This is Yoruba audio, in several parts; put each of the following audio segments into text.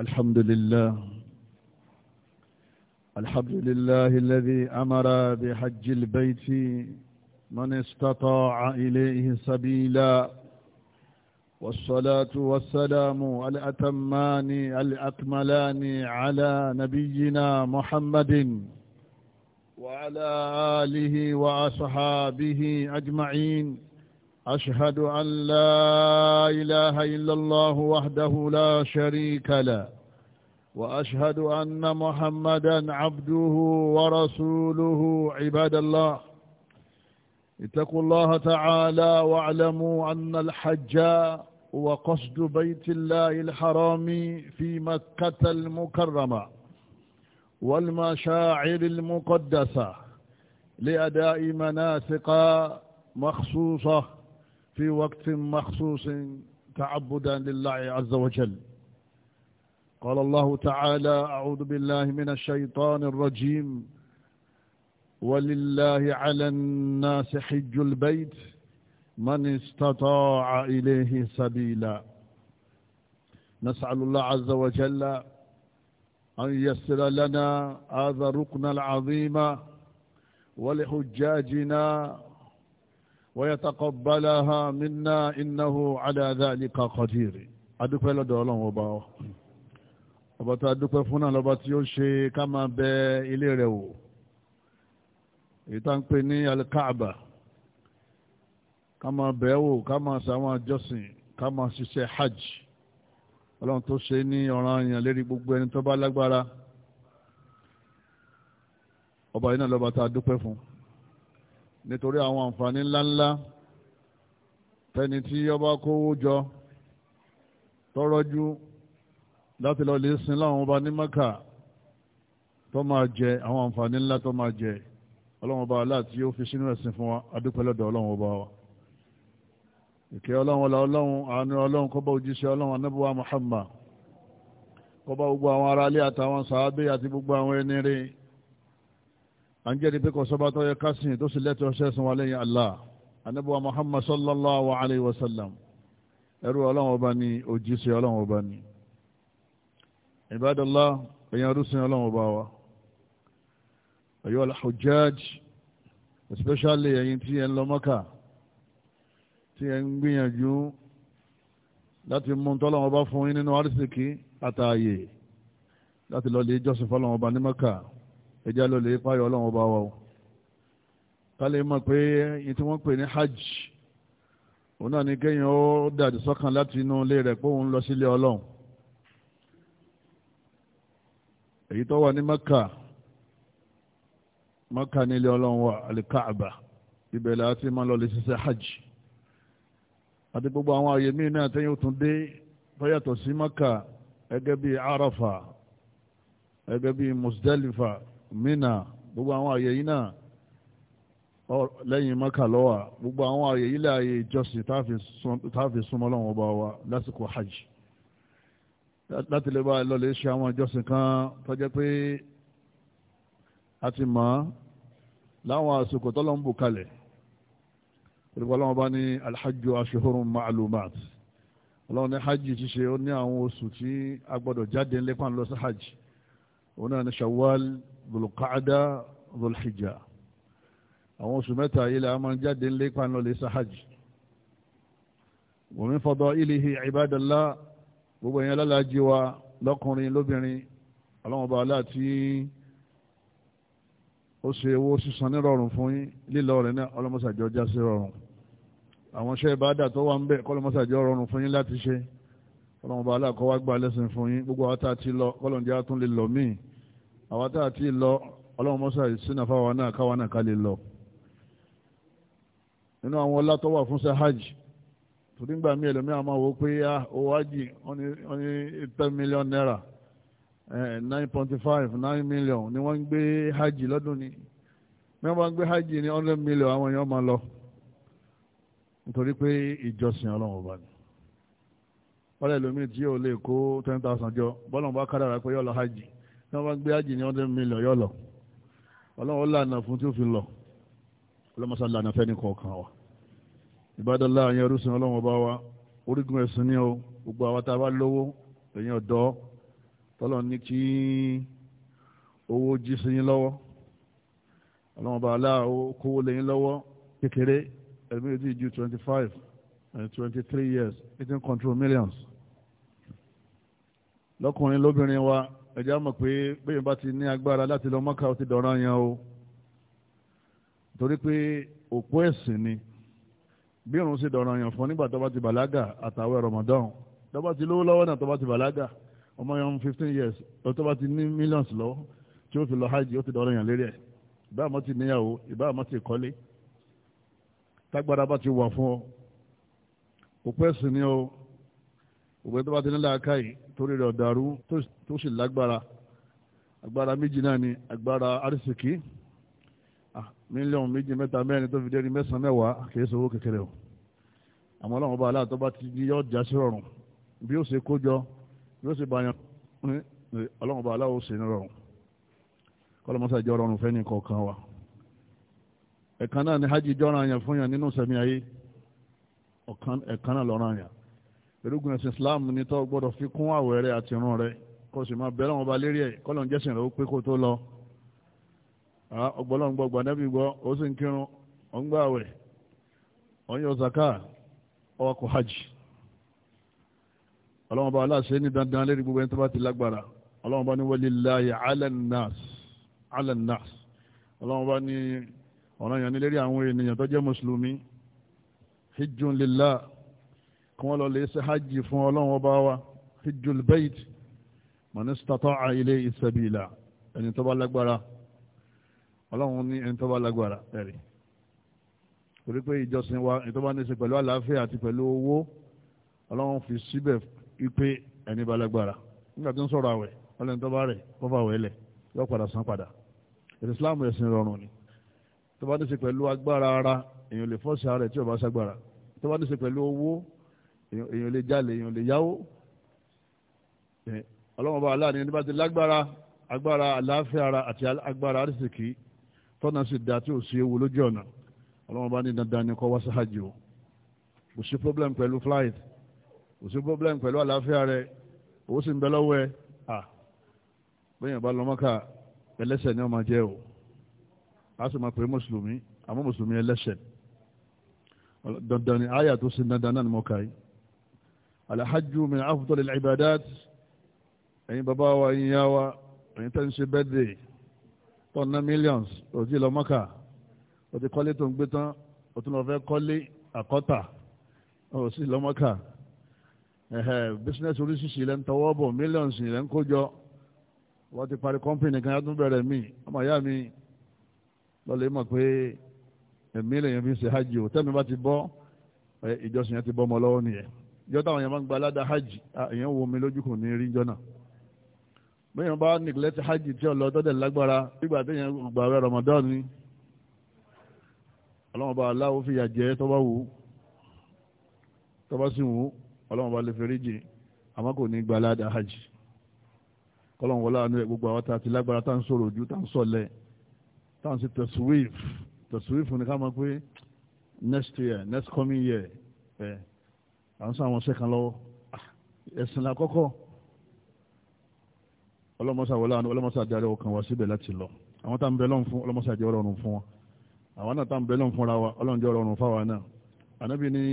الحمد لله الحمد لله الذي أمر بحج البيت من استطاع إليه سبيلا والصلاة والسلام الأتمان الأكملان على نبينا محمد وعلى آله وأصحابه أجمعين أشهد أن لا إله إلا الله وحده لا شريك له وأشهد أن محمدا عبده ورسوله عباد الله اتقوا الله تعالى واعلموا أن الحج وقصد بيت الله الحرام في مكة المكرمة والمشاعر المقدسة لأداء مناسق مخصوصة في وقت مخصوص تعبدا لله عز وجل قال الله تعالى أعوذ بالله من الشيطان الرجيم ولله على الناس حج البيت من استطاع إليه سبيلا نسأل الله عز وجل أن يسر لنا هذا الركن العظيم ولحجاجنا ويتقبلها منا إنه على ذلك قدير adúpẹ́ lọ́dọ̀ ọlọ́run ọba ọ ọba tó adúpẹ́ fún náà lọ́ba tí ó ṣe ká máa bẹ ilé rẹ̀ wò èyí tá ń pè ní alikaaba ká máa bẹ̀ wò ká máa ṣàwọn àjọsìn ká máa ṣiṣẹ́ hajj ọlọ́run tó ṣe ní ọ̀ràn èèyàn lérí gbogbo ẹni tó bá lágbára ọba yìí náà lọ́ba tá adúpẹ́ fún un nítorí àwọn àǹfààní ńláńlá fẹni tí ọba kówó jọ tọrọjú láti lọ lè sin láwọn ọba ní mẹ́kà tó máa jẹ àwọn àǹfààní ńlá tó máa jẹ ọlọ́run ọba aláàtí ó fi sínú ẹ̀sìn fún wa adúpẹ́ lọ́dọ̀ ọlọ́run ọba wa ìkẹ́ ọlọ́run ọlá ọlọ́run àánú ọlọ́run kọ́bá òjíṣẹ́ ọlọ́run anábùwà Muhammad kọ́bá gbogbo àwọn aráalé àtàwọn sàábé àti gbogbo àwọn ẹni rèé à ń jẹ́rìí pé kò sọ́ba tó yẹ kásìn tó sì lẹ́tọ̀ọ́ sẹ́sìn wa lẹ́yìn Allah anábọ̀wá Muhammad sallallahu alayhi wa sallam ẹrú ọlọ́run ọba ni òjíṣẹ́ ọlọ́run ọba ni Ibadallah èèyàn rúṣin ọlọ́run ọba wa ayyuhal hujjaj especially ẹ̀yin tí ẹ ń lọ Mọ́kà tí ẹ ń gbìyànjú láti mú tọ́lọ́run ọba fún yín nínú arísìkí àtààyè láti lọ lè jọ́sìn fọ́lọ́run ọba ní Mọ́kà ẹjá lọ lè páyọ ọlọ́run ọba wa o ká lè mọ̀ pé yìí tí wọ́n pè ní hajj òun náà ní kéèyàn ó dàdí sọ́kàn láti inú ilé rẹ̀ pé òun lọ sílé ọlọ́run èyí tó wà ní mẹ́kà mẹ́kà nílé ọlọ́run wa alikaaba ibẹ̀ là á ti máa lọ lè ṣiṣẹ́ hajj àti gbogbo àwọn àyè míì náà tẹ́yìn ó dé fẹ́yàtọ̀ sí mẹ́kà gẹ́gẹ́ bíi arafa gẹ́gẹ́ bíi musdalifa mina gbogbo àwọn àyè yìí náà lẹ́yìn maka lọ́wà gbogbo àwọn àyè yìí láàyè ìjọsìn táàfi súnmọ́ lọ́wọ́ ọba wa lásìkò hajj láti lè bá lọ lè ṣe àwọn ìjọsìn kan tó jẹ́ pé a ti mọ̀ láwọn àsìkò tọ́lọ́ ń bù kalẹ̀ olùkọ́ ọlọ́wọ́n bá ní alhajju ashhurun ma'lumat ọlọ́run ní hajj ti ó ní àwọn oṣù tí a gbọ́dọ̀ jáde ńlẹ́pàá ńlọ sí hajj òun náà ní shawwal dùlùkàdá dùlùhìjà àwọn oṣù mẹ́ta yìí la máa ń jáde ńlé pàánù lè sáhájì wọ́n mi fọ́dọ̀ ìlìhì ìbádọ́lá gbogbo yẹn lálàájí wa lọ́kùnrin lóbìnrin ọlọ́mọba aláàtí ó ṣe owó sísan nírọ̀rùn fún yín lílọ rẹ̀ náà ọlọ́mọsàjọ́ já sí rọrùn àwọn iṣẹ́ ìbádà tó wà ń bẹ̀ kọ́lọ́mọsàjọ́ rọrùn fún yín láti ṣe ọlọ́mọba aláàkọ́ wá gbà lẹ́sìn fún yín gbogbo àwọn tá a ti lọ kọ́lọ́njẹ́ á tún lè lọ míì àwọn tá a ti lọ ọlọ́run mọ́sá ìsínà fáwọn náà káwọn náà ká lọ nínú àwọn ọlá wà fún sahaj torí ń gbà mí ẹlòmí àmọ́ pé ah, naira eh, nine point five nine million ni wọ́n ń gbé hajj lọ́dún ni wọ́n bá ń gbé hajj ní hundred million àwọn èèyàn máa lọ nítorí pé ìjọsìn ọlọ́run ọba ni wọ́n lẹ́lòmí tí yóò lè kó ten thousand jọ bọ́lọ̀ bá hajj. ní wọ́n bá gbé ájì ní ọdún mílíọ̀n yọ lọ ọlọ́run lànà fún tí ó fi lọ ọlọ́mọsá lànà fẹ́ni kọ̀ọ̀kan wa ìbádọ́lá àyẹn orísun ọlọ́run ọba wa orígun ẹ̀sìn ni o gbogbo àwa tá a bá lówó ẹ̀yin ọ̀dọ́ tọ́lọ̀ ní kí owó jí sí yín lọ́wọ́ ọlọ́run ọba aláàwọ̀ kówó lẹ́yìn lọ́wọ́ kékeré ẹ̀mí ti ju twenty five and twenty three years eighteen control millions lọ́kùnrin lóbìnrin wa ẹjẹ́ mọ̀ pé bẹ́yìn bá ti ní agbára láti lọ mọ́ká ó ti dọ̀ràn yẹn o torí pé òpó ẹ̀sìn ni bí òun ṣe dọ̀ràn yẹn fún nígbà tó bá ti bàlágà àtàwẹ̀ Ramadan tó bá ti lówó lọ́wọ́ náà tó bá ti bàlágà ọmọ yẹn fifteen years tó bá ti ní millions lọ tí ó fi lọ hajj ó ti dọ̀ràn yẹn lérí ẹ̀ ìbá àmọ́ ti níyàwó ìbá àmọ́ ti kọ́lé tágbára bá ti wà fún ọ òpó ẹ̀sìn ni o ògbẹ́ tó bá ti ní làákàyè torí rẹ̀ ọ̀dàrú tó sì lágbára agbára méjì náà ni agbára arísìkí mílíọ̀nù méjì mẹ́ta mẹ́rin tó fi dé ní mẹ́sàn-án mẹ́wàá kìí ṣe owó kékeré o àmọ́ ọlọ́run ọba aláàtọ́ bá ti di yọ jà sí rọrùn bí ó ṣe kójọ bí ó ṣe bàyàn ọlọ́run ọba aláwọ̀ ṣe ní rọrùn kọ́lọ́mọ́sá jẹ́ rọrùn fẹ́ ní kọ̀ọ̀kan wa ẹ̀kan náà ni hajj jọ́ra yẹn fún yàn nínú sẹ́mi ayé ọ̀kan náà lọ́ra yàn erégun ẹ̀sìn Islam ní tó gbọ́dọ̀ fi kún àwẹ̀ rẹ àti irun rẹ kó sì máa bẹ̀rẹ̀ wọn ba lérí ẹ̀ kọ́lọ̀ ń jẹ́sìn rẹ ó pé kó tó lọ. ọgbọ́lọ́ngbọ́ gbàdẹ́bí gbọ́ ó sì ń kírun ó ń gbà àwẹ̀ ó ń yọ zaka ó wá kó hajj. ọlọ́wọ́n bá aláṣẹ ní dandan lérí gbogbo ẹni tó bá ti lágbára ọlọ́wọ́n bá ní walillahi ala nnas ala ọlọ́wọ́n bá ní ọ̀ranyàn kí wọ́n lọ lè ṣe hajj fún ọlọ́run ọba wa hijjul bayt man istata'a ilayhi sabila ẹni tó bá lágbára ọlọ́run ní ẹni tó bá lágbára ẹ̀rí torí pé ìjọsìn wa ẹni tó bá ní ṣe pẹ̀lú àlàáfíà àti pẹ̀lú owó ọlọ́run fi síbẹ̀ ipe ẹni bá lágbára nígbà tó ń sọ̀rọ̀ àwẹ̀ ọlọ́run tó bá rẹ̀ kọ́fà wẹ̀lẹ̀ yọ padà san padà ìsìláàmù ẹ̀sìn rọrùn ni tó bá ní pẹ̀lú agbára ara èèyàn lè fọ́ọ̀ṣì ara rẹ̀ tí ò bá ṣagbára bá ní pẹ̀lú owó èèyàn lè jalè èèyàn lè yáwó ọlọ́wọ́n bá aláàánú ẹni bá ti lágbára agbára àlàáfíà ara àti agbára àrísìkì tọ́nà sì dá tí ò sí ewu lójú ọ̀nà ọlọ́wọ́n bá ní dandan ni kọ́ wá sáájú o kò sí problem pẹ̀lú flight kò sí problem pẹ̀lú àlàáfíà rẹ owó sì ń bẹ lọ́wọ́ ẹ à bẹ́yìn bá lọ́mọ́kà ẹlẹ́sẹ̀ ni wọ́n máa jẹ́ o a sì máa pè é mùsùlùmí àmọ́ mùsùlùmí ẹlẹ́sẹ̀ dandan ni àyà tó sin dandan náà ni mo kà yìí alhajju min afdal al-ibadat ẹ̀yin bàbá wa ẹ̀yin yá wa ẹ̀yin tẹ́ ń ṣe birthday tó ná millions ó ti lọ Mákà ó ti kọ́lé tó ń gbé tán ó tún lọ fẹ́ kọ́lé àkọ́tà ó sì lọ Mákà bísínẹ́sì oríṣiríṣi ilẹ̀ ń tọwọ́ bọ̀ millions ilẹ̀ ń kójọ wọ́n ti parí kọ́mpìnì kan yàtún bẹ̀rẹ̀ mí ọmọ ìyá mi lọ́lẹ̀ mọ̀ pé ẹ̀mí lèyìn fi ń ṣe hajj ò tẹ́mi bá ti bọ́ ìjọsìn yẹn ti bọ́ ọmọ lọ́wọ́ nìyẹn ìjọ táwọn èèyàn máa ń gba aládàá hajj èèyàn wo omi lójú kò ní rí jọ náà bẹ́ẹ̀ bá nìgílẹ́tì hajj tí ọlọ tọ́tẹ̀ lágbára nígbà tí èèyàn gbà rẹ Ramadan ni ọlọ́run bá aláwo fìyà jẹ tó bá wù ú tó bá sì wù ú ọlọ́run bá lè fèrè jì àmọ́ kò ní gba aládàá hajj kọ́lọ́run wọlé àánú ẹ̀ gbogbo àwọn tá a ti lágbára tá à ń sọ̀rọ̀ ojú tá à ń sọ̀lẹ̀ tá à ń ṣe tẹ̀síwìf tẹ̀síwìf ní ká máa pé next year next coming year. Eh à ń sọ àwọn sẹ́kàn lọ́wọ́ ah, ẹ̀sìn làkọ́kọ́ ọlọ́mọsá wọlé àná ọlọ́mọsá darí ọkàn wá síbẹ̀ láti lọ àwọn tá à ń bẹ lọ́n fún ọlọ́mọsá jẹ́ ọlọ́run fún wa àwọn náà tá à lọ́n fúnra ọlọ́run jẹ́ ọlọ́run fáwa náà ànábì ní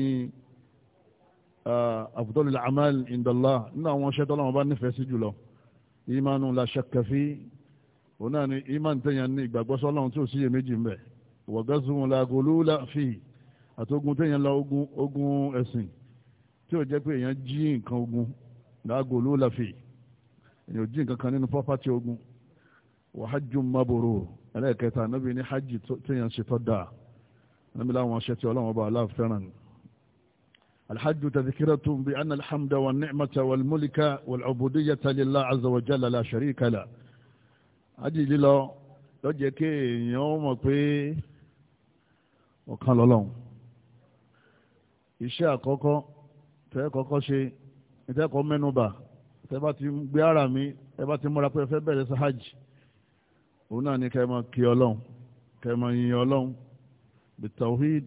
afdalul amal indallah nínú àwọn ṣẹ́ tọ́lọ́wọ́n bá nífẹ̀ẹ́ sí jùlọ imanu la shakka fi òun náà ni iman tẹ̀yàn ní ìgbàgbọ́ sọ́lọ́run tí gulula fi àtogun tẹ̀yàn la ogun tí ó jẹ́ pé èèyàn jí nǹkan ogun láago ló láfi èèyàn jí nǹkan kan nínú pápátí ogun wa hajjun mabrur ẹlẹ́ẹ̀kẹta níbi ní hajj téèyàn ṣe tọ́ da níbi láwọn aṣẹ tí ọlọ́run ọba aláàfẹ́ràn ni. الحج تذكرة بأن الحمد والنعمة والملك والعبودية لله عز وجل لا شريك له أجي لله lọ́jẹ́ kí èèyàn ó mọ̀ pé ọ̀kan lọ́lọ́run iṣẹ́ àkọ́kọ́ tẹ́ kọ́kọ́ ṣe ìtẹ́kọ̀ọ́ mẹ́nubà tẹ́ bá ti gbé ara mi tẹ́ bá ti múra pé ẹ fẹ́ bẹ̀rẹ̀ sahaj òun náà ni kẹ́ẹ̀ máa kí ọlọ́run kẹ́ẹ̀ máa yin ọlọ́run bitawhid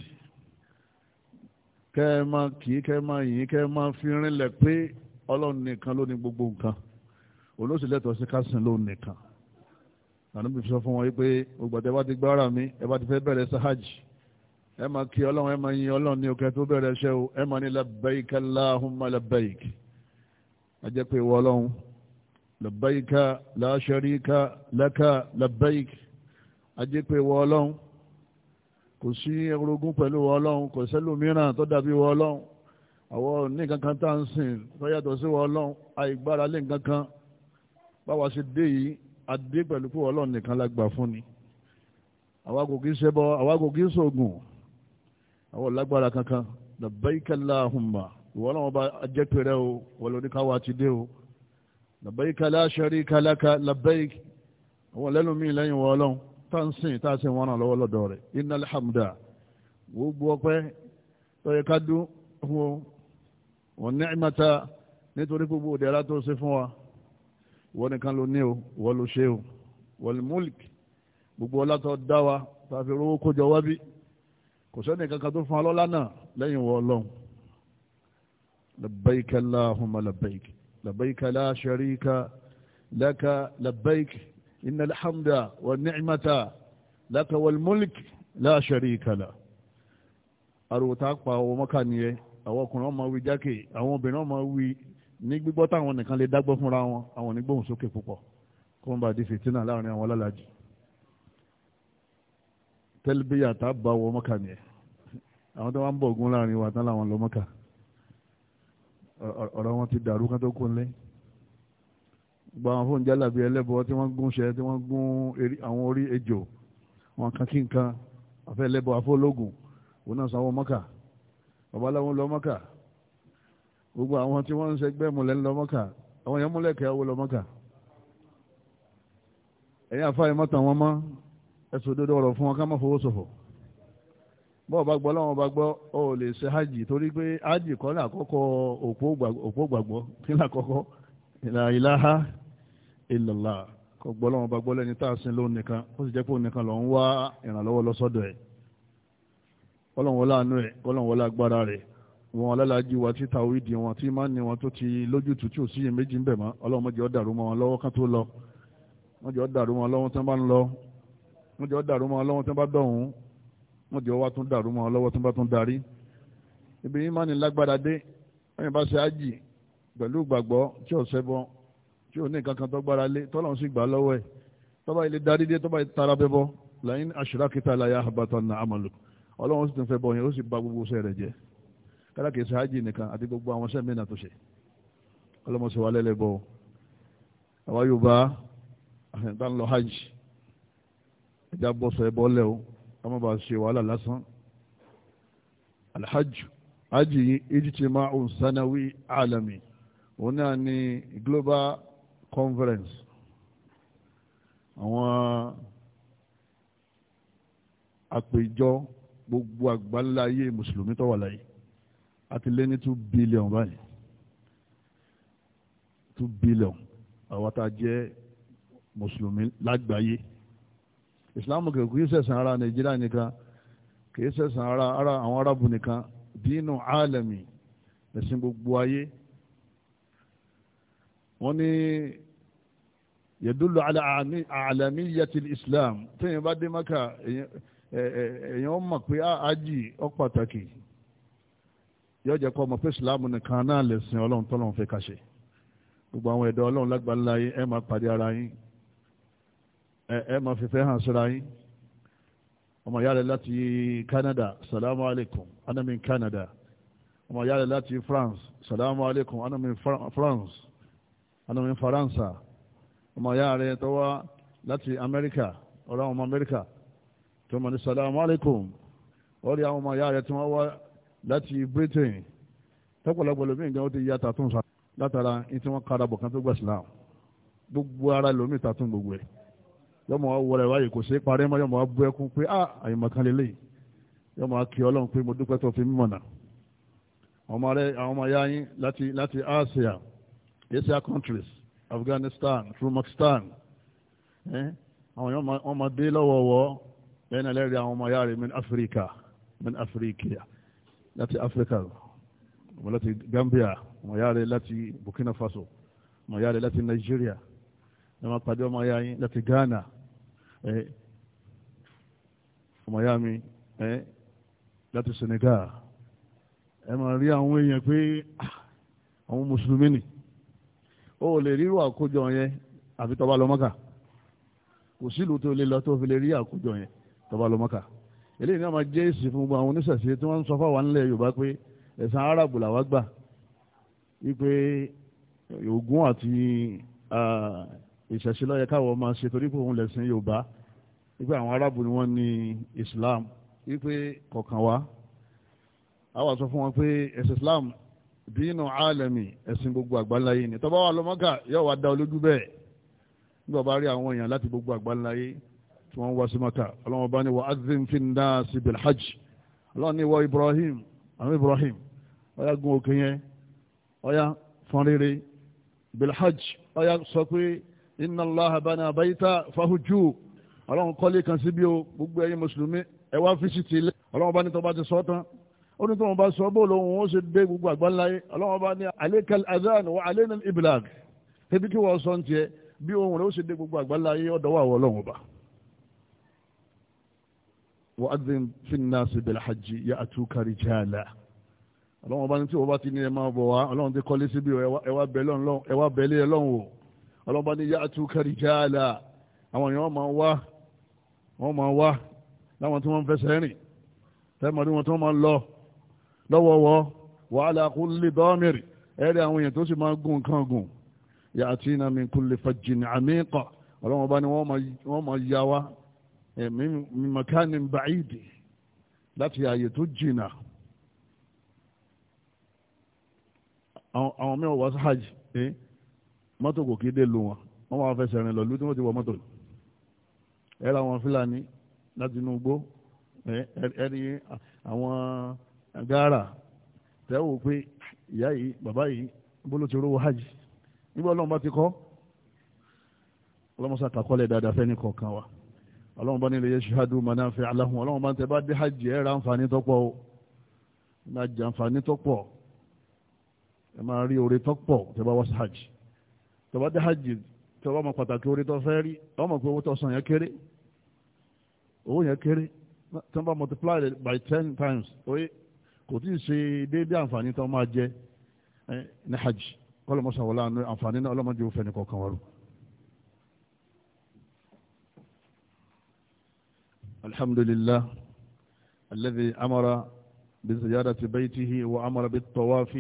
kẹ́ẹ̀ máa kì í kẹ́ẹ̀ máa yin kẹ́ẹ̀ máa fi rinlẹ̀ pé ọlọ́run nìkan ló ní gbogbo nǹkan òun sí kásìn lóun nìkan àná fi sọ fún wọn yìí pé gbogbo bá ti gbé ara mi ẹ bá ti fẹ́ bẹ̀rẹ̀ sahaj ẹ máa kí ọlọ́run ẹ máa yin ọlọ́run ní òkè tó bẹ̀rẹ̀ ṣẹ́ o ẹ máa ní labbaik Allahumma labbaik a jẹ́ pé ìwọ ọlọ́run labbaik la sharika laka labbaik a jẹ́ pé ìwọ ọlọ́run kò sí orogún pẹ̀lú ìwọ ọlọ́run kò sẹ́lòmíràn tó dàbí ìwọ ọlọ́run àwọn ní kankan tá ń sìn tó yàtọ̀ sí ìwọ ọlọ́run àìgbára lé nǹkankan báwa ṣe dé yìí adé pẹ̀lú pé ìwọ ọlọ́run nìkan lágbà fún ni àwa kò kí ṣẹbọ àwa kò kí ṣoògùn àwọn lágbára kankan labbaika Allahumma ìwọ́n náà wọ́n bá jẹ́pẹ̀ rẹ o wọ́n lóní káwá ti dé o labbaika la sharika laka labbaik àwọn lẹ́nu mi lẹ́yìn wọ́n lọ́n tá ń wọ́n lọ́wọ́ lọ́dọ̀ rẹ̀ innal hamda gbogbo ọpẹ́ tọ́yẹ ká dún fún o wọ́n ní ni'mata nítorí gbogbo òde ara tó ṣe fún wa wọ́n nìkan ló ní o wọ́n ló ṣe o wal mulk gbogbo ọlá dá wa tàfi rówó kójọ wábí kò sẹ́ni kankan tó fún ọlọ́lá náà lẹ́yìn wọ ọlọ́run labbaik allahumma labbaik labbaik la sharika laka labbaik inna alhamda wa ni'mata laka wal mulk la sharika la ariwo tá a pa ọwọ́ mọ́kà nìyẹn àwọn ọkùnrin ọmọ wí jákè àwọn obìnrin ọmọ wí ní gbígbọ́ táwọn nìkan lè dágbọ́ fúnra wọn àwọn onígbóhùn sókè púpọ̀ kó ń bá di fìtínà láàrin àwọn alálàájì tẹ́lbíyà tá a bá ọwọ́ mọ́kà nìyẹn àwọn tó wá ń bọ̀ ogun láàrin wa tán láwọn lọ mọ́kà ọ̀rọ̀ wọn ti dàrú kán tó kún lé gba àwọn fóun jálàbí ẹlẹ́bọ tí wọ́n gún ṣẹ tí wọ́n gún àwọn orí ejò wọn kan kí nǹkan àfẹ́ ẹlẹ́bọ afọ́lógún òun náà sanwó mọ́kà babaláwo lọ mọ́kà gbogbo àwọn tí wọ́n ń ṣẹgbẹ́ múlẹ̀ ń lọ mọ́kà àwọn yẹn múlẹ̀ kẹ́wọ́ lọ mọ́kà ẹ̀yin àfáà yẹn mọ́tàn wọn mọ́ ẹ̀sùn òdodo ọ̀rọ̀ fún wọn ká má fowó ṣòfò bọ́ọ̀ bá gbọ́ lọ́wọ́ bá gbọ́ ọ ò lè ṣe hajj torí pé hajj kọ́ làkọ́kọ́ òpó gbàgbọ́ kí làkọ́kọ́ la ilaha illallah kọ́ gbọ́ lọ́wọ́ bá gbọ́ lẹ́ni tá a sin lóun nìkan ó sì jẹ́ pé òun nìkan lọ́n wá ìrànlọ́wọ́ lọ́sọ́dọ̀ ẹ̀ ọlọ́run wọlé àánú ẹ̀ ọlọ́run wọlé agbára rẹ̀ wọn alálàájì wa tí tàwídì wọn tí máa ń ní wọn tó ti lójútùú tí ò síyè ń bẹ̀ mọ́ ọlọ́run mọ́jọ́ dàrú mọ́ wọn lọ́wọ́ kán tó lọ mọ́jọ́ dàrú mọ́ wọn lọ́wọ́ bá ń lọ mọ́jọ́ dàrú mọ́ wọn lọ́wọ́ bá dọ̀hún wọ́n jẹ́ wá tún dàrú mọ́ ọlọ́wọ́ tún bá tún darí ibi yìí má ní lágbára dé ẹ̀yìn bá ṣe ájì pẹ̀lú ìgbàgbọ́ tí ò ṣẹbọ tí ò ní nǹkan kan tó gbára lé tọ́lọ́run sì gbà lọ́wọ́ ẹ̀ tọ́ba ilé darí dé tọ́ba tara bẹ́bọ lẹ́yìn aṣọ́rakítà láyà àbátan náà àmàlù ọlọ́run sì tún fẹ́ bọ yẹn ó sì bà gbogbo iṣẹ́ rẹ̀ jẹ́ kára kìí ṣe ájì nìkan àti gbogbo àwọn iṣẹ́ mìíràn tó ṣe ọlọ́mọṣẹ́ ọmọ bá ṣe wàhálà lásán alhajj hajj ijtima'un sanawi alami òun náà ni global conference àwọn àpèjọ gbogbo àgbáńlá ayé mùsùlùmí tó wà láyé àti lé ní two billion báyìí two billion àwọn tá a jẹ́ mùsùlùmí lágbàáyé ìsìláàmù kò kìí ṣẹ̀sìn ara nàìjíríà nìkan kìí ṣẹ̀sìn ara ara àwọn arábù nìkan dínú álẹ̀mì ẹ̀sìn gbogbo ayé wọ́n ní yẹ̀dúlù àlàmì yẹtì islam tẹ́yìn bá dé maka èèyàn mọ̀ pé ah, ájì ó pàtàkì yóò jẹ́ kó mọ̀ pé islam nìkan náà lẹ̀sìn ọlọ́run tọ́lọ́run fẹ́ kàṣe gbogbo àwọn ẹ̀dọ́ ọlọ́run lágbàá ẹ̀ máa pàdé ara yín ẹ máa fìfẹ́ hàn síra yín ọmọ ìyá rẹ̀ láti Canada salamu alaykum ana min Canada ọmọ ìyá rẹ̀ láti France salamu alaykum ana min France ana min Faransa ọmọ ìyá rẹ̀ tó wá láti Amẹ́ríkà ọ̀rọ̀ àwọn ọmọ Amẹ́ríkà tó mọ̀ ní salamu alaykum ọ̀rẹ́ àwọn ọmọ ìyá rẹ̀ tí wọ́n wá láti Britain tọ́pọ̀lọpọ̀ lómi ìgbà ó ti yá tàtún látara ní tí wọ́n kára kan tó gbà sílámù gbogbo ara lómi tàtún gbogbo ẹ̀ yọmọ wa wọlé wáyé kò ṣeé parí mọ́ yọmọ wa bú ẹkún pé ah àyìnbọn kan lélẹ̀ yọmọ wa kí ọlọ́run pé mo dúpẹ́ tó fi mímọ̀ náà ọmọ rẹ àwọn ọmọ ya yín láti láti Asia Asia countries Afghanistan Turkmenistan àwọn yọmọ ọmọ dé lọ́wọ́wọ́ lẹ́yìn ẹlẹ́rìí àwọn ọmọ ya rẹ̀ min Africa min Africa láti Africa ọmọ láti Gambia ọmọ ya rẹ̀ láti Burkina Faso ọmọ ya rẹ̀ láti Nigeria ọmọ pàdé ọmọ ya yín láti Ghana ọmọ ya mi láti Senegal ẹ máa rí àwọn èèyàn pé ah, àwọn mùsùlùmí ni ó lè ríru àkójọ yẹn àfi tó bá lọ Mọ́kà kò sílùú tó lè lọ tó fi lè rí àkójọ yẹn tó bá lọ Mọ́kà eléyìí náà máa jẹ́ èsì fún gbogbo àwọn oníṣẹ̀ṣe tí wọ́n ń sọ fáwọn nílẹ̀ Yorùbá pé ẹ̀sán Árábù làwa gbà wípé Ògún àti ah, ìṣẹ̀ṣe ló yẹ káwọ́ máa ṣe torí pé òun lẹ̀sìn Yorùbá wípé àwọn arábù ni wọ́n ní Islam wípé kọ̀ọ̀kan wá a wà fún wọn pé ẹ̀sìn Islam dínú alẹ́mì ẹ̀sìn gbogbo àgbáńláyé ni tọ́ba wà lọ́mọ́kà yóò wá dá olójú bẹ́ẹ̀ nígbà bá rí àwọn èèyàn láti gbogbo àgbáńláyé tí wọ́n wá sí Maka ọlọ́wọ́n bá ní wà azim fi ń sí bilhaj ọlọ́wọ́n ní wọ Ibrahim àwọn Ibrahim ọ̀yá gun òkè yẹn ọ̀yá fọ́nrẹ́rẹ́ bilhaj ọ̀yá inna Allaha bana bayta fahujú ọlọ́run kọ́lé kan síbi o gbogbo ẹ̀yin mùsùlùmí ẹ wá fíṣì tì lẹ́ ọlọ́run bá ní tó bá ti sọ tán ó ní tó wọn bá sọ bó lòun ó ṣe dé gbogbo àgbáńláyé ọlọ́run bá ní alaykal adhan wa alayna al-iblag ebi kí wọ́n sọ ń tiẹ̀ bí ohun rẹ̀ ó ṣe dé gbogbo àgbáńláyé ọ̀dọ̀ wà wọ́n ọlọ́run ọba. wa adhin fin-nasi bil-hajji ya'tuka rijala ọlọ́run bá ní tí wọ́n bá ti ní ẹ máa bọ̀ wá ọlọ́run ti kọ́lé síbi ẹ wá bẹ̀lẹ́ ọlọ́ba ní yàtú kẹrìjáàlà àwọn èèyàn máa wá wọ́n máa wá láwọn tí wọ́n ń fẹsẹ̀ rìn tẹ́mọ̀ ní wọn tí wọ́n máa lọ lọ́wọ́wọ́ wàhálà kulli dọ́mìrì ẹ̀rẹ̀ àwọn èèyàn tó sì máa gùn nǹkan gùn yàtí iná min kulli fajjin àmìkọ̀ ọlọ́wọ́ba ni wọ́n máa yá wa min makanin ba'idi láti ààyè tó jìnnà àwọn mẹ́wàá wá sí mọ́tò kò kí dé lu wọn wọ́n máa fẹsẹ̀ rìn lọ lú tí wọ́n ti wọ mọ́tò ẹ ra àwọn fúlàní láti inú igbó ẹ ní àwọn gáárà tẹ́ wò pé ìyá yìí bàbá yìí bólú ti rówó hajj nígbà ọlọ́run bá ti kọ́ ọlọ́run sàkàkọ́lẹ̀ dáadáa fẹ́ ní kọ̀ọ̀kan wa ọlọ́run bá nílé yẹ́ṣáájú manáfẹ́ aláhùn ọlọ́run bá ń tẹ bá dé hajj ẹ̀ ra àǹfààní tọ́pọ̀ o ẹ̀ máa jẹ àǹfààní tọ́pọ̀ ẹ̀ máa rí oore tọ́pọ̀ tẹ bá wá sí hajj. tó bá dé hajj tó bá mọ pàtàkì orí tó fẹ́ rí ọ mọ̀ pé owó tó san yẹn kéré owó yẹn kéré tó bá multiply by ten times oye kò tí ì ṣe déédé àǹfààní tó máa jẹ ní hajj kọlọmọsàn wọlé àǹfààní náà ọlọmọdé fẹ́ ní kọkàn wọn. الحمد لله الذي أمر بزيارة بيته وأمر بالطواف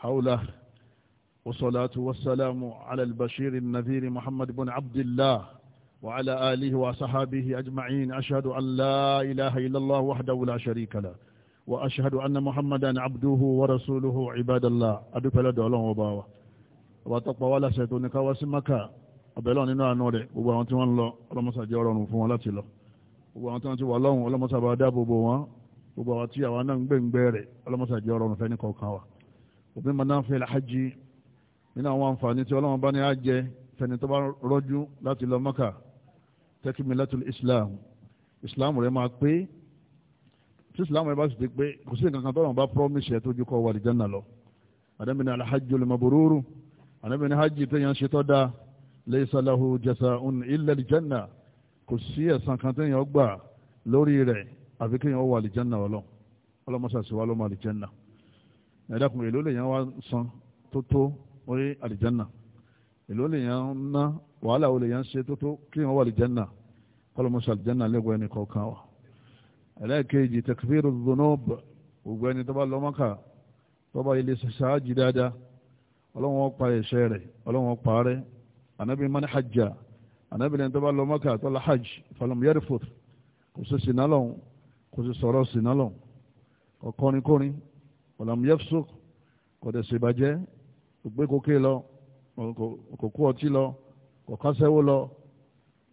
حوله والصلاة والسلام على البشير النذير محمد بن عبد الله وعلى آله وصحابه أجمعين أشهد أن لا إله إلا الله وحده لا شريك له وأشهد أن محمدا عبده ورسوله عباد الله أدوك لدى الله وباوة ولا سيتونك واسمك أبلون إنه أنوري وبعوانتي الله اللهم سجيرون وفوالاتي الله وبعوانتي وان الله اللهم سباداب وبوان وبعوانتي وانا نبين بيري اللهم سجيرون فيني كوكاوا وبما نافي الحجي nínú àwọn àǹfààní tí ọlọ́run bá ní á jẹ fẹni tó bá rọ́jú láti lọ mọ́kà tẹ́kìmí láti islam islam rẹ̀ máa pé tí islam rẹ̀ bá sì ti pé kò sí nǹkan kan tọ́lọ́run bá promise ẹ̀ tó ju kọ́ wà lìjẹ́ nà lọ àdẹ́mi ní alhajj olùmọ̀bòrúurú àdẹ́mi ní hajj téèyàn ṣe tọ́ da laysa lahu jasa'un illa aljanna kò sí ẹ̀san kan téèyàn gbà lórí rẹ̀ àfi kéèyàn wà lìjẹ́ nà ọlọ́ ọlọ́mọṣàṣìwá ló máa lìjẹ́ nà ẹ̀dá kùnrin ló lè yàn wá san tó tó orí àlìjánà èló lè yàn ń ná wàhálà olè yàn ń ṣe tó tó kí wọ́n wà àlìjánà kọ́lọ́mọṣọ àlìjánà lẹ́gbẹ̀ẹ́ ẹnì kọ̀ọ̀kan wa ẹlẹ́ẹ̀kejì takfiru dhunub gbogbo ẹni tó bá lọ Mákà tó bá ilé ṣáájì dáadáa ọlọ́wọ́n pa ẹ̀ṣẹ̀ rẹ̀ ọlọ́wọ́n pa rẹ̀ anabi man hajja anabi lẹ́ni tó bá lọ Mákà tó lọ hajj falam yarfuth kò sí sinalọ́hún kò sí sọ̀rọ̀ sinalọ́hún kọ̀kọ́rin kọrin ọ̀làmúyẹ́fṣọ́k kọ̀dẹ̀ṣẹ̀bàjẹ́ kò gbé kókè lọ kò kó ọtí lọ kò kásẹ́wó lọ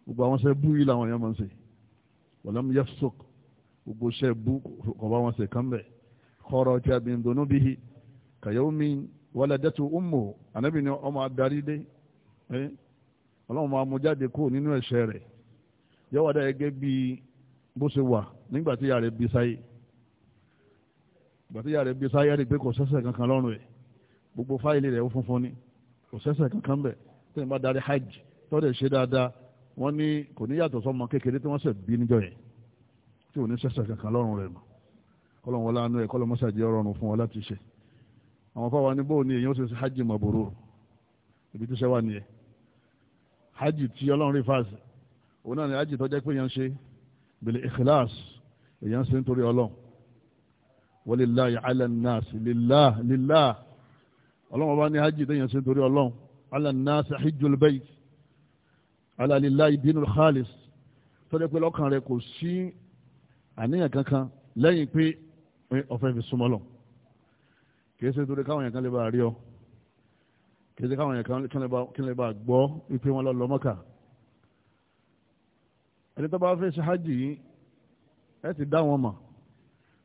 gbogbo àwọn sẹ́ bú yìí làwọn èèyàn máa ń ṣe wàlámù yẹ́fṣọ́k gbogbo sẹ́ bú kò bá wọn ṣe kán bẹ̀ kọ́rọ̀ tí a bìí dùnú bí i kàyẹ́wó mi wàlá dẹ́tu umu ànábì ni ọmọ adarí dé ọlọ́run máa mú jáde nínú ẹ̀ṣẹ̀ rẹ̀ yọ̀wọ́ dá gẹ́gẹ́ bíi bó ṣe wà nígbà tí ìyá rẹ̀ bí sáyé ìgbà tí ìyá bí sáyé rí pé kò sẹ́sẹ̀ kankan lọ́rùn ẹ̀ gbogbo fáìlì rẹ̀ ó funfun ni kò sẹ́sẹ̀ kankan bẹ̀ tẹ́yìn bá darí hajj tọ́dẹ̀ ṣe dáadáa wọ́n ní kò ní yàtọ̀ sọ́mọ kékeré tí wọ́n ṣẹ̀ bí níjọ yẹn tí ò ní sẹ́sẹ̀ kankan lọ́rùn rẹ̀ mọ́ kọ́lọ̀ wọn lánàá ẹ̀ kọ́lọ̀ mọ́sàdì ọ̀rọ̀rùn fún wọn láti ṣe àwọn fáwọn ní bóun ni èyàn ó ṣe hajj mọ̀bòrò ibi tí sẹ́wà nìyẹn hajj tí ọlọ́run rí fáàsì òun náà ni hajj tó jẹ́ pé èyàn ṣe bèlè ikhlas èyàn ṣe nítorí ọlọ́run walillahi ala nnas lillah lillah ọlọ́run bá ní hajj tẹ̀yàn sí nítorí ọlọ́run ala nasi hijjul bayt ala lillahi dinul khalis tó dẹ́ pé lọ́kàn rẹ̀ kò sí àníyàn kankan lẹ́yìn pé ọ̀fẹ́ fi súnmọ́ lọ kìí ṣe nítorí káwọn yẹn kan lè bá rí ọ kìí ṣe káwọn yẹn kan lè bá gbọ́ wípé wọ́n lọ lọ Mọ́kà ẹni tó bá fẹ́ ṣe hajj yìí ẹ ti dá wọn mọ̀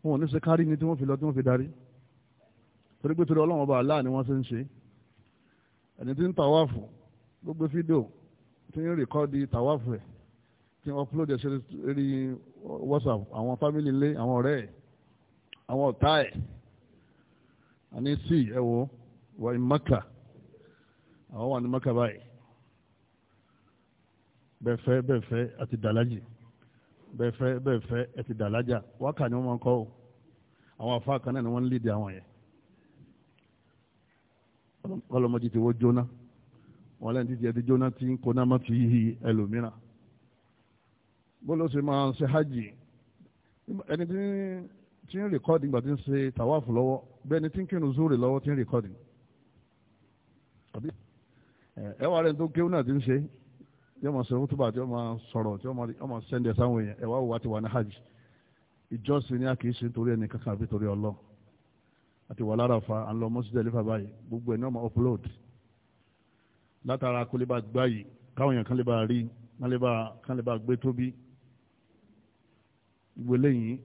wọn ò ní ṣe kárí ni tí wọ́n fi lọ tí wọ́n fi darí torí pé torí ọlọ́wọ́n bá aláà ni wọ́n ṣe ń ṣe ẹni tí ń tàwáàfù ló gbé fídíò tí ń rìkọ́dì tàwáàfù ẹ̀ tí ń upload ẹ̀ sórí whatsapp àwọn fámìlì ilé àwọn ọ̀rẹ́ ẹ̀ àwọn ọ̀tá ẹ̀ àní sí ẹ̀wọ̀ wà ní maka àwọn wà ní maka báyìí bẹ́ẹ̀fẹ́ bẹ́ẹ̀fẹ́ àti dàlájì bẹ́ẹ̀fẹ́ bẹ́ẹ̀fẹ́ àti dàlájà wákà ni wọ́n máa ń kọ́ àwọn àfáà kan náà ni wọ́n ń lédè àwọn yẹn kọlọmọdé ti wọ jóná wọn lẹ́yìn títí ẹtí jóná tí ń koná má fi hi ẹlòmíràn bólú sì hajj ẹni tí ń rìkọ́dì gbà ń ṣe tàwáàfù lọ́wọ́ bẹ́ẹ̀ ni tí ń kírun zúrì lọ́wọ́ tí ń rìkọ́dì rẹ̀ tó náà ti ń ṣe tí wọ́n máa tí wọ́n máa sọ̀rọ̀ tí wọ́n máa sẹ́ndẹ̀ sáwọn èèyàn hajj ìjọsìn ni a kì í ṣe nítorí ẹnì àbí àti wà lára fa à ń lọ báyìí gbogbo ẹ̀ ní ọmọ upload látara kó lè bá gbá yìí káwọn èèyàn kan lè bá rí kan lè bá gbé tóbi ìwé lẹ́yìn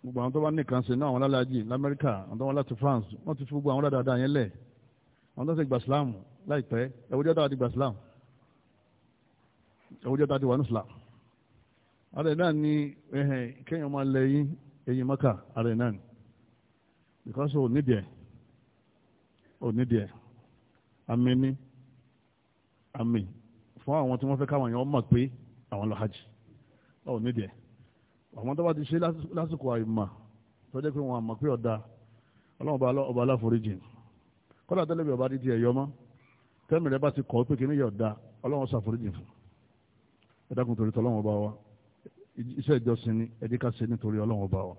gbogbo àwọn tó bá nìkan ṣe náà àwọn alálàájì lamẹ́ríkà àwọn tó wá láti France wọ́n ti fi gbogbo àwọn dáadáa yẹn lẹ̀ àwọn tó ṣe gbà sílámù láìpẹ́ ẹ̀wọ́jọ́ dáa ti gbà sílámù ẹ̀wọ́jọ́ dáa ti wà ní sílámù ààrẹ náà ni kéèyàn máa lẹ́yìn ẹ̀yìn mọ́kà ààrẹ náà ni because ò nídìí ẹ̀ ò nídìí ẹ̀ àmì ni àmì fún àwọn tí wọ́n fẹ́ káwọn èèyàn mọ̀ pé àwọn lọ hajj ò nídìí ẹ̀ àwọn tó bá ti ṣe lásìkò àìmọ̀ tó jẹ́ pé wọn àmọ̀ pé ọ̀dà ọlọ́run ọba aláforíjì kọ́lá tẹ́lẹ̀bí ọba dídí ẹ̀yọ́ mọ́ tẹ́mi rẹ bá ti kọ́ pé kíní yọ̀ ọ̀dà ọlọ́run ṣàforíjì fún ẹ̀dákùn torí tọ́lọ́run ọba wa iṣẹ́ ìjọsìn ni ẹ̀díkà ṣe nítorí ọlọ́run ọba wa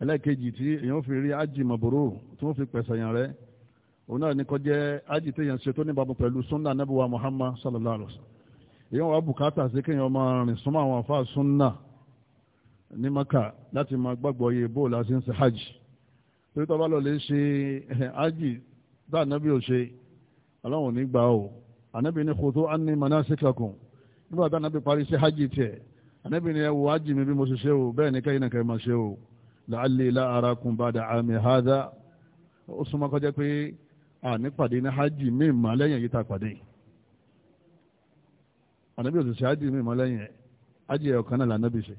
ẹlẹ́ẹ̀kejì tí èèyàn fi rí ájì mọ̀bòrò tí wọ́n fi pẹ̀sẹ̀ yàn rẹ òun náà ní kọjá ájì téèyàn ṣe tó níbàbọ̀ pẹ̀lú sunna nebuwa Muhammad sallallahu alayhi wa sallam èèyàn wà bùkátà sí kéèyàn máa rìn súnmọ́ àwọn àfáà sunna ní maka láti máa gbàgbọ́ iye bóòlù àti ń ṣe hajj torí tó bá lọ lè ṣe ájì tá ànábì ò ṣe aláwọn ní gbà ó ànábì ní kòtó á ní manasikakum nígbà tá ànábì parí sí hajj tiẹ̀ ànábì ní ẹ ájì mi bí mo ṣe ṣe o bẹ́ẹ̀ ni kẹ́yìn náà máa ṣe o la'alli la arakum ba'da ami hadha ó súnmọ́ kọjá pé a ní pàdé ní hajj míì mọ́ lẹ́yìn yìí tá pàdé ànábì ò sì ṣe hajj míì mọ́ lẹ́yìn hajj ẹ̀ ọ̀kan náà lànàbì ṣe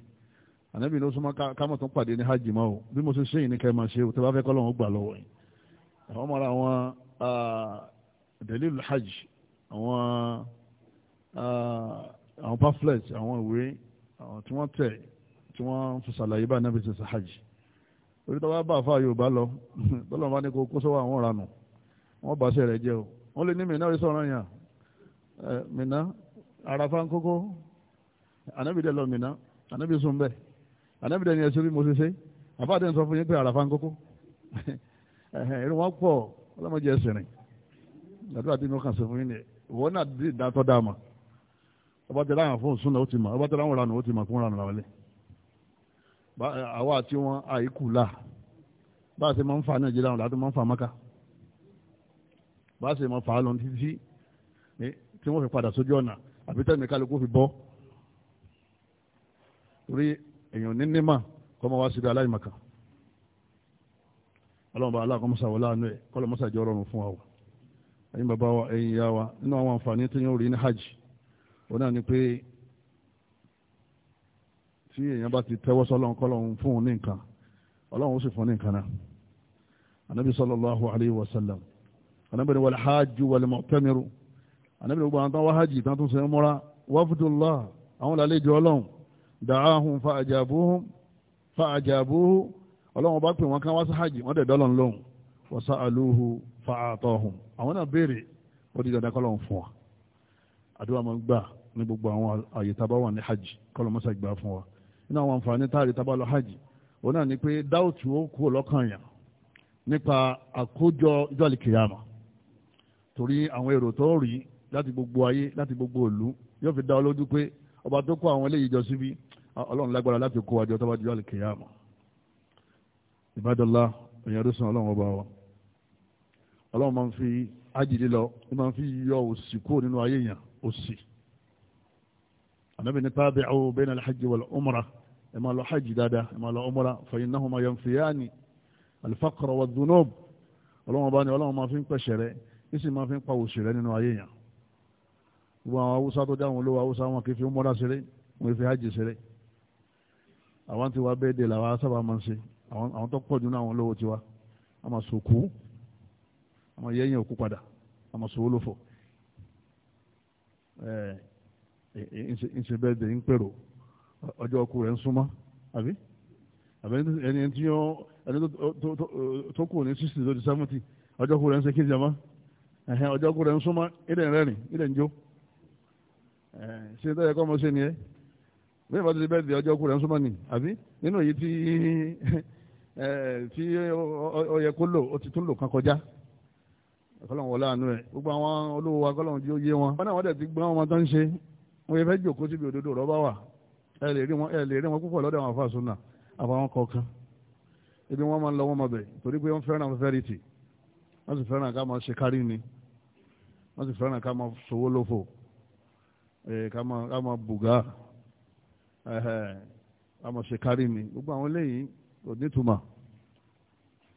ànábì ní ó súnmọ́ kámọ̀ tó pàdé ní hajj mọ́ o bí mo ṣe ṣe yìí ní kẹ́ẹ̀ máa ṣe o tó bá fẹ́ kọ́ lọ́wọ́ gbà lọ́wọ́ yìí àwọn ọmọ àwọn delilu hajj àwọn àwọn pamphlet àwọn ìwé tí wọ́n tẹ̀ tí wọ́n fi ṣàlàyé bá ànábì ṣe ṣe hajj torí tó bá bá àfa yorùbá lọ tọ́lọ̀ bá ní kó kó sọ́wọ́ àwọn ranù wọ́n bá ṣe rẹ̀ jẹ́ o wọ́n lè ní mìíràn rí sọ̀rọ̀ yàn mìíràn àràfà ń kókó ànábìdẹ lọ mìíràn ànábì sùn bẹ́ẹ̀ ànábìdẹ ni ẹ̀sìn rí mo ṣe ṣe àfáàdé ń sọ fún yín pé àràfà ń kókó irun wọn pọ̀ ọlọ́mọdé ẹ̀sìn rìn àdúrà tí mo kàn sí fún yín ni ìwọ náà dì dátọ́ dáa mà ọba tẹ láwọn fóònù súnà ó ti mà ọba tẹ láwọn ranù ó ti mà kó ranù làwọn lẹ́yìn àwa àti wọn àìkú là bá a ṣe máa ń fa nàìjíríà wọn láti máa ń fa maka bá a ṣe máa fa lọ títí tí wọ́n fi padà sójú ọ̀nà àbí tẹ́lẹ̀ kálukú fi bọ́ torí èèyàn ní nímà kọ́ máa wá síbi aláìmọ̀kan ọlọ́run bá aláàkọ́mọ́sá wọlé àánú ẹ̀ kọ́lọ́mọ́sá jẹ́ ọlọ́run fún wa wọ̀ ẹ̀yin bàbá wa ẹ̀yin ìyá wa nínú àwọn àǹfààní tí yóò rí ní hajj òun náà ni pé tí èèyàn bá ti tẹ́wọ́ sọ́lọ́n kọ́lọ́n fún un ní nǹkan ọlọ́run ó sì fún un ní nǹkan náà anabi sallallahu alayhi wa sallam anabi wal hajj wal mu'tamiru anabi gbogbo àwọn tán wá hajj tán tún sẹ́ múra wafdullah àwọn làlejò ọlọ́run da'ahum fa ajabuhum fa ajabuhu ọlọ́run bá pè wọ́n kán wá sí hajj wọ́n dẹ̀ dọ́lọ́n lóhùn wa sa'aluhu fa atahum àwọn náà béèrè ó di dandan kọ́lọ́run fún wa àdúrà máa gbà ní gbogbo àwọn àyè tábà wà ní hajj kọ́lọ́ mọ́sá gbà fún wa nínú àwọn àǹfààní táàrí tabalọ hajj òun náà ni pé dáùtù ó kú ọlọ́kàn yàn nípa àkójọ ìjọ àlìkìyàmà torí àwọn èrò tó rí láti gbogbo ayé láti gbogbo ìlú yóò fi dá ọ lójú pé ọba tó kó àwọn eléyìí jọ síbi ọlọ́run lágbára láti kó àjọ tó bá jọ ìbádọ́lá èèyàn ló sàn ọlọ́run ọba wa ọlọ́run máa ń fi ájì lílọ ó máa ń fi yọ òṣì kúrò nínú ayé yàn òṣì ànábì ní tabi'u bayna al-hajji wal-umrah ẹ máa lọ hajj dáadáa ẹ máa lọ umrah fa innahuma yanfiyani al-faqra wadh-dhunub ọlọ́wọ́n bá ní ọlọ́wọ́n máa fi ń pẹ̀ṣẹ̀ rẹ ní sì máa fi ń pa òṣì rẹ nínú ayé yàn gbogbo àwọn haúsá tó dáhùn olówó haúsá wọn kì í fi umrah ṣeré wọn fi hajj ṣeré àwọn tí wàá bẹ́ẹ̀ dé làwọn sábà máa ń ṣe àwọn tó pọ̀ jù náà àwọn olówó tiwa a máa sòkú a máa yẹ́yìn òkú padà a máa sòwó lófò ìṣe bẹ́ẹ̀ dẹ̀ ń pèrò ọjọ́ ọkù rẹ̀ ń súnmọ́ àbí àbẹ́ni tí ó ẹni tó kù ní sixty to seventy ọjọ́ ọkù rẹ̀ ń ṣe kí jama ọjọ́ ọkù rẹ̀ ń súnmọ́ ilẹ̀ ń rẹ́rìn ilẹ̀ ń jó ṣe tó yẹ kọ́ ọmọ ṣe ni ẹ́ bẹ́ẹ̀ bá ti bẹ́ẹ̀ dẹ̀ ọjọ́ ọkù rẹ̀ ń súnmọ́ ni àbí nínú èyí tí tí ó yẹ kó lò ó ti tún lò kan kọjá ọlọ́run wọlé àánú ẹ̀ gbogbo àwọn olówó wa kọ́lọ́run jí ó yé wọn wọn náà wọ́n dẹ̀ ti gbọ́n wọn tó ń ṣe wọ́n yẹ fẹ́ jòkó síbi òdodo rọ́bà wà ẹ lè rí wọn ẹ lè rí wọn púpọ̀ lọ́dọ̀ àwọn afáàsùn náà àbáwọn kọ̀ọ̀kan ibi wọn máa ń lọ wọn máa bẹ̀ torí pé wọ́n fẹ́ràn fẹ́rìtì wọ́n sì fẹ́ràn ká máa ṣe kárí ni wọ́n sì fẹ́ràn ká máa sowó lófò ká máa bùgá ká máa ṣe kárí ni gbogbo àwọn eléyìí kò nítumọ̀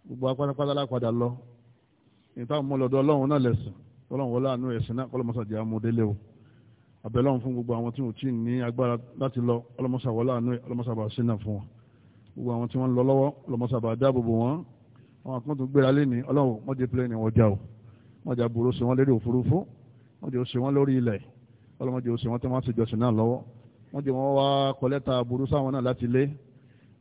gbogbo apátápátá lápadà lọ ìtàn mọ́ lọ́dọ̀ náà lẹ̀sìn ọlọ́run wọlé àánú ẹ̀sìn náà kọ́lọ́mọ́sàdì àmúdélé o àbẹ̀lọ́run fún gbogbo àwọn tí wọ́n ti ní agbára láti lọ ọlọ́mọsàwọ́ láàánú ọlọ́mọsàbà sínà fún wọn gbogbo àwọn tí wọ́n ń lọ lọ́wọ́ ọlọ́mọsàbà dáàbòbò wọn àwọn àkọ́n tó gbéra lẹ́ni ọlọ́run mọ́jẹ́ pílẹ̀nì wọn já o mọ́jà burú sí wọn lérí òfurufú mọ́jẹ́ ó sí wọn lórí ilẹ̀ ọlọ́mọdé ó sí wọn tó máa ń ṣèjọsìn náà lọ́wọ́ mọ́jẹ́ wọn wá kọ́lẹ́ta burú sáwọn náà láti lé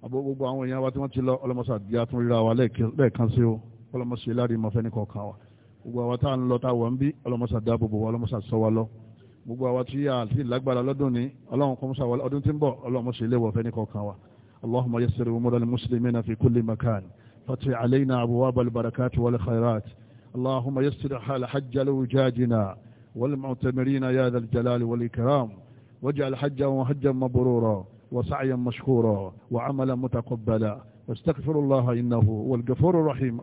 gbogbo àwọn èèyàn wa tí wọ́n ti lọ ọlọ́mọsàdì àtúnríra wa lẹ́ẹ̀kan sí o ọlọ́mọsẹ̀ láàrin mọ́fẹ́ ní kọ̀ọ̀kan wa gbogbo àwọn táà lọ táwọn ń bí ọlọ́mọsàdì àbòbò wa ọlọ́mọsàdì sọ wa lọ gbogbo àwa tí a ti lágbára lọ́dún ní ọlọ́run kọ́ mọ́sá ọdún tí ń bọ̀ ọlọ́run mọ́sá ilé wọ̀fẹ́ ní kọ̀ọ̀kan wa allahumma yassir umura al-muslimina fi kulli makan fati alayna abwaab al wal khairat allahumma yassir hal hajj al wal mu'tamirina ya dhal jalal wal ikram waj'al hajjan wa hajjan mabrura wa sa'yan mashkura wa amalan mutaqabbala واستغفر الله إنه هو الغفور الرحيم